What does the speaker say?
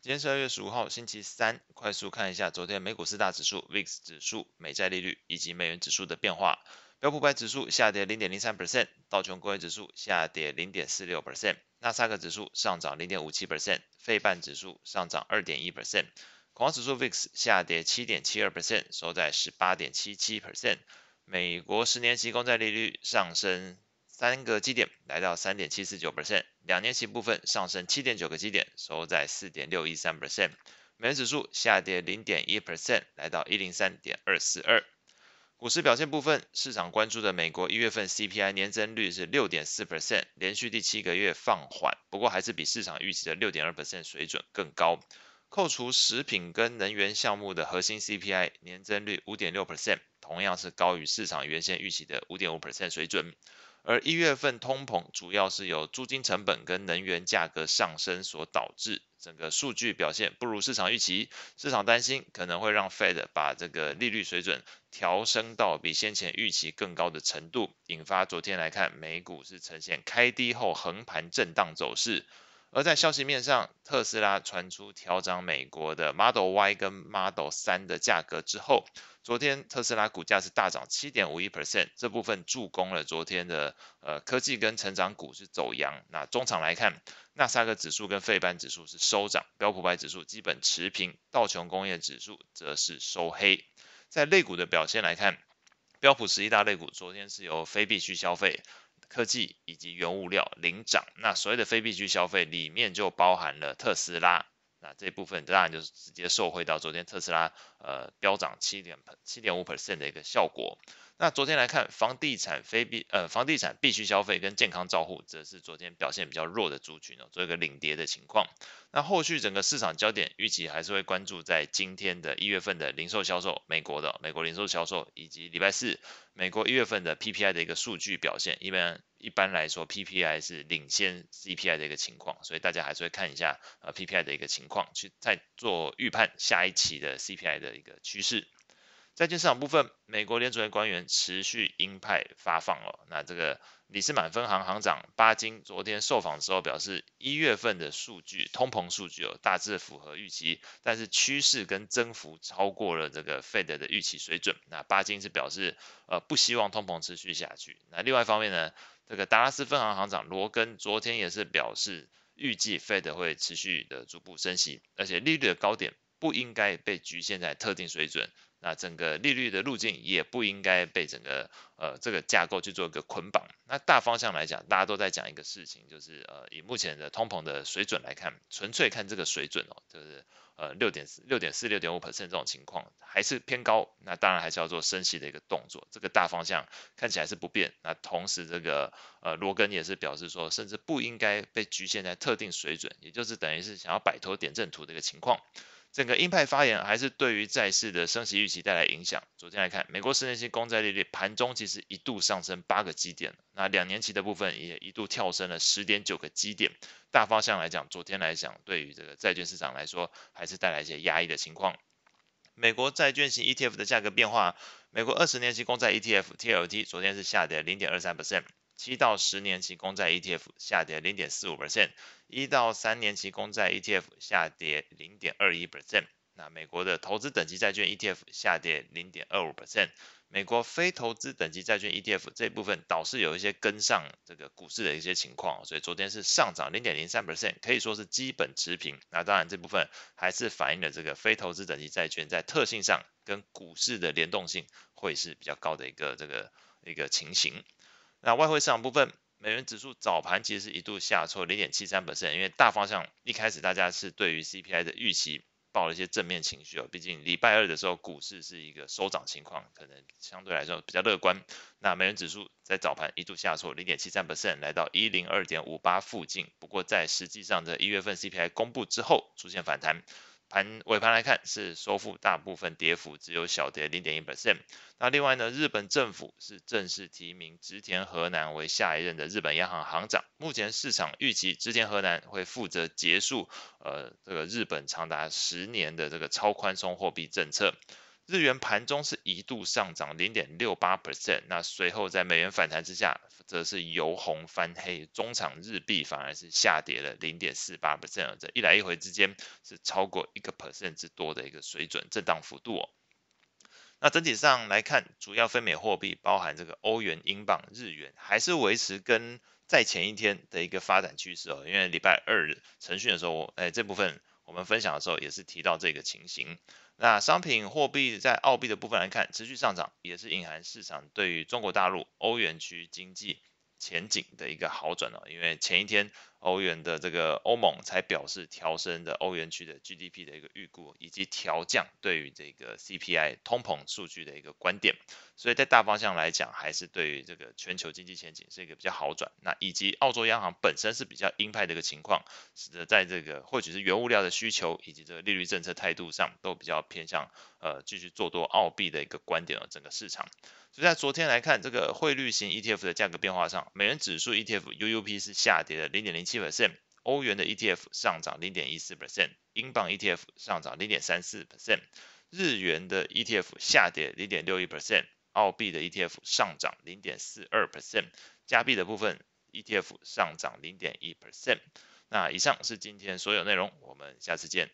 今天二月十五號，星期三。快速看一下昨天美股四大指數、VIX 指數、美債利率以及美元指數的變化。標普五百指數下跌零點零三 percent，道瓊工業指數下跌零點四六 percent，那斯達克指數上漲零點五七 percent，費半指數上漲二點一 percent。恐慌指數 VIX 下跌七點七二 percent，收在十八點七七 percent。美國十年期公債利率上升三個基點，來到三點七四九 percent。兩年期部分上升七點九個基點，收在四點六一三 percent。美元指數下跌零點一 percent，來到一零三點二四二。股市表現部分，市場關注的美國一月份 CPI 年增率是六點四 percent，連續第七個月放緩，不過還是比市場預期的六點二 percent 水準更高。扣除食品跟能源項目的核心 CPI 年增率五點六 percent，同樣是高於市場原先預期的五點五 percent 水準。而一月份通膨主要是由租金成本跟能源價格上升所導致，整個數據表現不如市場預期，市場擔心可能會讓 Fed 把這個利率水準調升到比先前預期更高的程度，引發昨天來看美股是呈現開低後橫盤震盪走勢。而在消息面上，特斯拉傳出調漲美國的 Model Y 跟 Model 3的價格之後，昨天特斯拉股價是大漲七點五一 percent，這部分助攻了昨天的呃科技跟成長股是走揚。那中場來看，那斯達克指數跟費半指數是收漲，標普百指數基本持平，道瓊工業指數則是收黑。在類股的表現來看，標普十一大類股昨天是由非必需消費、科技以及原物料領漲，那所謂的非必需消費裡面就包含了特斯拉，那這部分當然就是直接受惠到昨天特斯拉呃飆漲七點七點五 percent 的一個效果。那昨天來看，房地產非必呃房地產必需消費跟健康照護，則是昨天表現比較弱的族群哦，做一個領跌的情況。那後續整個市場焦點，預期還是會關注在今天的一月份的零售銷售，美國的美國零售銷售，以及禮拜四美國一月份的 PPI 的一個數據表現。一般一般來說，PPI 是領先 CPI 的一個情況，所以大家還是會看一下呃、啊、PPI 的一個情況，去再做預判下一期的 CPI 的一個趨勢。債券市場部分，美國聯準會官員持續鷹派，發放了、哦。那這個里士滿分行行長巴金昨天受訪時表示，一月份的數據通膨數據有、哦、大致符合預期，但是趨勢跟增幅超過了這個 FED 的預期水準。那巴金是表示，呃，不希望通膨持續下去。那另外一方面呢，這個達拉斯分行行長羅根昨天也是表示，預計 FED 會持續的逐步升息，而且利率的高點。不應該被侷限在特定水準，那整個利率的路徑也不應該被整個呃這個架構去做一個捆綁。那大方向來講，大家都在講一個事情，就是呃以目前的通膨的水準來看，純粹看這個水準哦，就是呃六點四、六點四、六點五%這種情況還是偏高。那當然還是要做升息的一個動作，這個大方向看起來是不變。那同時這個呃羅根也是表示說，甚至不應該被侷限在特定水準，也就是等於是想要擺脫點陣圖的一個情況。整個鷹派發言還是對於債市的升息預期帶來影響。昨天來看，美國十年期公債利率盤中其實一度上升八個基點，那兩年期的部分也一度跳升了十點九個基點。大方向來講，昨天來講，對於這個債券市場來說，還是帶來一些壓抑的情況。美國債券型 ETF 的價格變化，美國二十年期公債 ETF TLT 昨天是下跌零點二三 percent。七到十年期公債 ETF 下跌0.45%，一到三年期公債 ETF 下跌0.21%，那美國的投資等級債券 ETF 下跌0.25%，美國非投資等級債券 ETF 這部分倒是有一些跟上這個股市的一些情況，所以昨天是上漲0.03%，可以說是基本持平。那當然這部分還是反映了這個非投資等級債券在特性上跟股市的聯動性會是比較高的一個這個一個情形。那外匯市場部分，美元指數早盤其實是一度下挫零點七三 percent。因為大方向一開始大家是對於 CPI 的預期抱了一些正面情緒哦，畢竟禮拜二的時候股市是一個收漲情況，可能相對來說比較樂觀。那美元指數在早盤一度下挫零點七三 percent，來到一零二點五八附近，不過在實際上的一月份 CPI 公布之後出現反彈。盤尾盤來看是收復大部分跌幅，只有小跌零點一 percent。那另外呢，日本政府是正式提名植田和男為下一任的日本央行行長。目前市場預期植田和男會負責結束呃這個日本長達十年的這個超寬鬆貨幣政策。日元盤中是一度上漲零點六八 percent，那隨後在美元反彈之下，則是由紅翻黑，終場日幣反而是下跌了零點四八 percent，這一來一回之間是超過一個 percent 之多的一個水準震盪幅度、哦。那整體上來看，主要非美貨幣包含這個歐元、英鎊、日元，還是維持跟在前一天的一個發展趨勢哦，因為禮拜二晨訊的時候，哎、欸、這部分。我們分享的時候也是提到這個情形。那商品貨幣在澳幣的部分來看，持續上漲，也是隱含市場對於中國大陸、歐元區經濟前景的一個好轉了。因為前一天。歐元的這個歐盟才表示調升的歐元區的 GDP 的一個預估，以及調降對於這個 CPI 通膨數據的一個觀點，所以在大方向來講，還是對於這個全球經濟前景是一個比較好轉。那以及澳洲央行本身是比較鷹派的一個情況，使得在這個或許是原物料的需求以及這個利率政策態度上，都比較偏向呃繼續做多澳幣的一個觀點的整個市場，所以在昨天來看這個匯率型 ETF 的價格變化上，美元指數 ETF UUP 是下跌了零點零七 percent，歐元的 ETF 上漲零點一四 percent，英鎊 ETF 上漲零點三四 percent，日元的 ETF 下跌零點六一 percent，澳幣的 ETF 上漲零點四二 percent，加幣的部分 ETF 上漲零點一 percent，那以上是今天所有內容，我們下次見。